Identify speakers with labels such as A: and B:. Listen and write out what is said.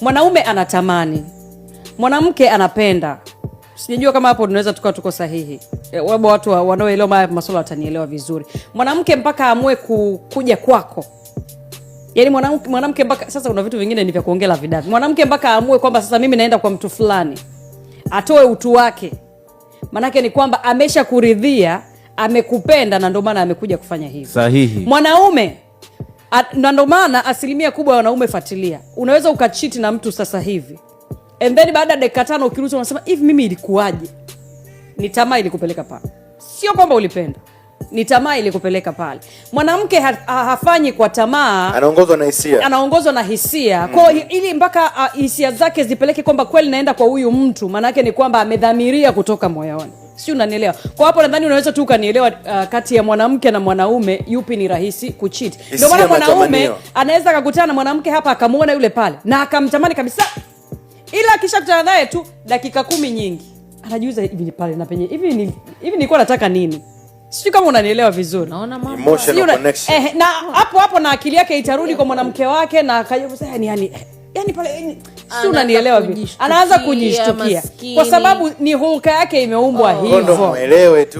A: mwanaume anatamani, mwanamke anapenda. Sijajua kama hapo tunaweza tukawa tuko sahihi. E, wabo watu wanaoelewa maya masuala watanielewa vizuri. Mwanamke mpaka aamue kuja kwako Yaani mwanamke mpaka sasa, kuna vitu vingine ni vya kuongela vidavi. Mwanamke mpaka aamue kwamba sasa mimi naenda kwa mtu fulani, atoe utu wake. Maanake ni kwamba ameshakuridhia, amekupenda na ndio maana amekuja kufanya hivyo. Sahihi. Mwanaume na ndo maana asilimia kubwa ya wanaume fatilia, unaweza ukachiti na mtu sasa hivi and then baada ya dakika tano ukirusa unasema hivi, mimi ilikuwaje? Ni tamaa ilikupeleka pale, sio kwamba ulipenda ni tamaa ilikupeleka pale. Mwanamke ha hafanyi kwa tamaa,
B: anaongozwa na hisia,
A: anaongozwa na hisia mm. Mm-hmm. Kwao ili mpaka uh, hisia zake zipeleke kwamba kweli naenda kwa huyu mtu, maanake ni kwamba amedhamiria kutoka moyoni si unanielewa? Kwa hapo nadhani unaweza tu ukanielewa. Uh, kati ya mwanamke na mwanaume yupi ni rahisi kuchit Ndio maana mwanaume anaweza akakutana na mwanamke hapa akamwona yule pale na akamtamani kabisa, ila akishakutana naye tu dakika kumi nyingi anajiuza hivi pale na penye hivi, ni hivi nilikuwa nataka nini? Sijui kama unanielewa vizuri.
B: Naona mama,
A: eh, na hapo hapo na akili yake itarudi kwa mwanamke wake na akajua sasa, eh, yani eh, yani pale yaani, si unanielewa vipi, anaanza kujishtukia kwa sababu ni hulka yake imeumbwa oh, hivyo. Ndio muelewe tu.